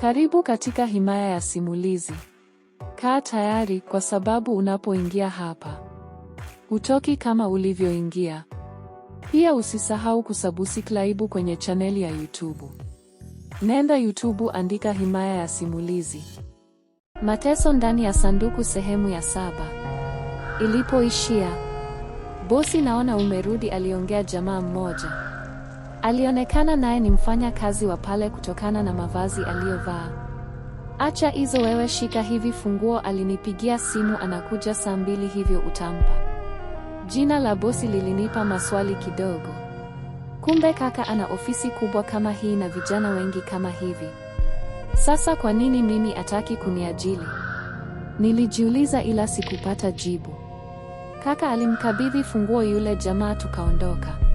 Karibu katika himaya ya simulizi. Kaa tayari kwa sababu unapoingia hapa hutoki kama ulivyoingia. Pia usisahau kusabusi klaibu kwenye chaneli ya YouTube. Nenda YouTube, andika himaya ya simulizi. Mateso ndani ya sanduku sehemu ya saba. Ilipoishia, bosi, naona umerudi, aliongea jamaa mmoja. Alionekana naye ni mfanya kazi wa pale kutokana na mavazi aliyovaa. Acha hizo wewe, shika hivi funguo. Alinipigia simu, anakuja saa mbili hivyo utampa. Jina la bosi lilinipa maswali kidogo. Kumbe kaka ana ofisi kubwa kama hii na vijana wengi kama hivi. Sasa kwa nini mimi ataki kuniajili? Nilijiuliza ila sikupata jibu. Kaka alimkabidhi funguo yule jamaa tukaondoka.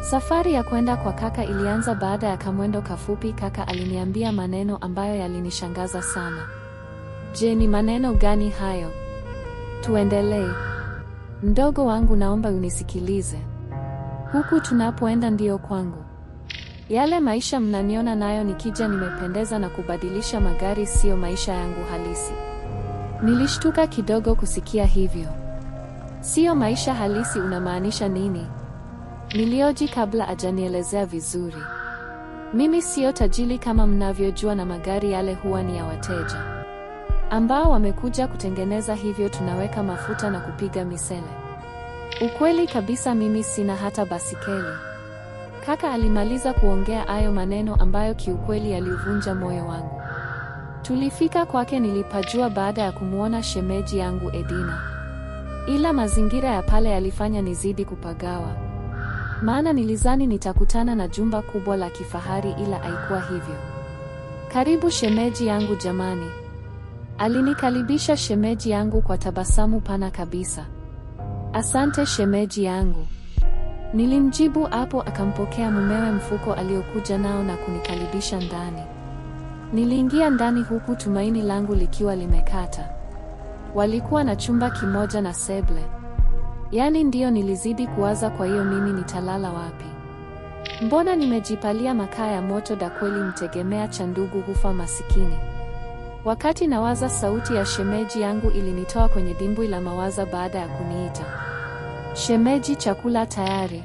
Safari ya kwenda kwa kaka ilianza baada ya kamwendo kafupi kaka aliniambia maneno ambayo yalinishangaza sana. Je, ni maneno gani hayo? Tuendelee. Mdogo wangu naomba unisikilize. Huku tunapoenda ndiyo kwangu. Yale maisha mnaniona nayo nikija nimependeza na kubadilisha magari siyo maisha yangu halisi. Nilishtuka kidogo kusikia hivyo. Siyo maisha halisi unamaanisha nini? Nilioji kabla ajanielezea vizuri. Mimi siyo tajili kama mnavyojua, na magari yale huwa ni ya wateja ambao wamekuja kutengeneza, hivyo tunaweka mafuta na kupiga misele. Ukweli kabisa, mimi sina hata basikeli. Kaka alimaliza kuongea hayo maneno ambayo kiukweli yalivunja moyo wangu. Tulifika kwake nilipajua baada ya kumwona shemeji yangu Edina, ila mazingira ya pale yalifanya nizidi kupagawa. Maana nilizani nitakutana na jumba kubwa la kifahari ila haikuwa hivyo. Karibu shemeji yangu jamani. Alinikaribisha shemeji yangu kwa tabasamu pana kabisa. Asante shemeji yangu. Nilimjibu hapo akampokea mumewe mfuko aliokuja nao na kunikaribisha ndani. Niliingia ndani huku tumaini langu likiwa limekata. Walikuwa na chumba kimoja na sebule. Yaani ndiyo nilizidi kuwaza kwa hiyo mimi nitalala wapi? Mbona nimejipalia makaa ya moto da kweli mtegemea cha ndugu hufa masikini. Wakati nawaza sauti ya shemeji yangu ilinitoa kwenye dimbwi la mawaza baada ya kuniita. Shemeji, chakula tayari.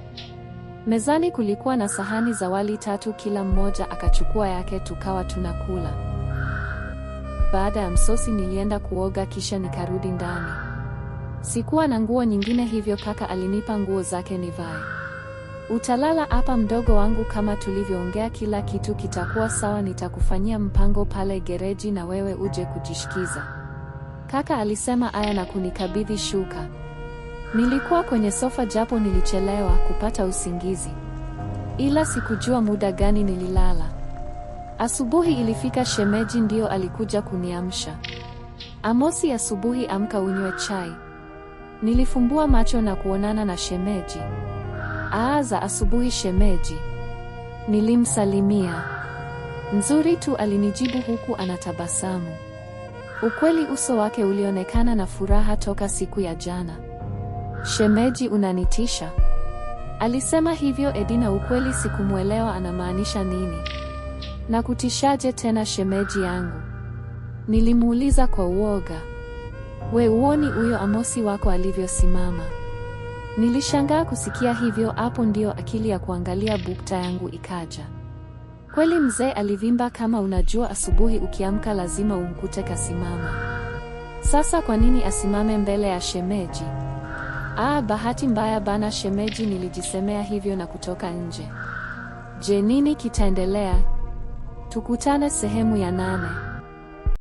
Mezani kulikuwa na sahani za wali tatu, kila mmoja akachukua yake, tukawa tunakula. Baada ya msosi nilienda kuoga kisha nikarudi ndani. Sikuwa na nguo nyingine hivyo kaka alinipa nguo zake nivae. Utalala hapa mdogo wangu kama tulivyoongea kila kitu kitakuwa sawa nitakufanyia mpango pale gereji na wewe uje kujishikiza. Kaka alisema aya na kunikabidhi shuka. Nilikuwa kwenye sofa japo nilichelewa kupata usingizi. Ila sikujua muda gani nililala. Asubuhi ilifika shemeji ndiyo alikuja kuniamsha. Amosi, asubuhi amka unywe chai. Nilifumbua macho na kuonana na shemeji. Aaza asubuhi shemeji, nilimsalimia. Nzuri tu alinijibu huku anatabasamu. Ukweli uso wake ulionekana na furaha toka siku ya jana. Shemeji unanitisha. Alisema hivyo Edina, ukweli sikumwelewa anamaanisha nini. Na kutishaje tena shemeji yangu? Nilimuuliza kwa uoga. We uoni huyo Amosi wako alivyosimama? Nilishangaa kusikia hivyo. Hapo ndiyo akili ya kuangalia bukta yangu ikaja. Kweli mzee alivimba kama unajua, asubuhi ukiamka lazima umkute kasimama. Sasa kwa nini asimame mbele ya shemeji? Ah, bahati mbaya bana shemeji, nilijisemea hivyo na kutoka nje. Je, nini kitaendelea? Tukutane sehemu ya nane.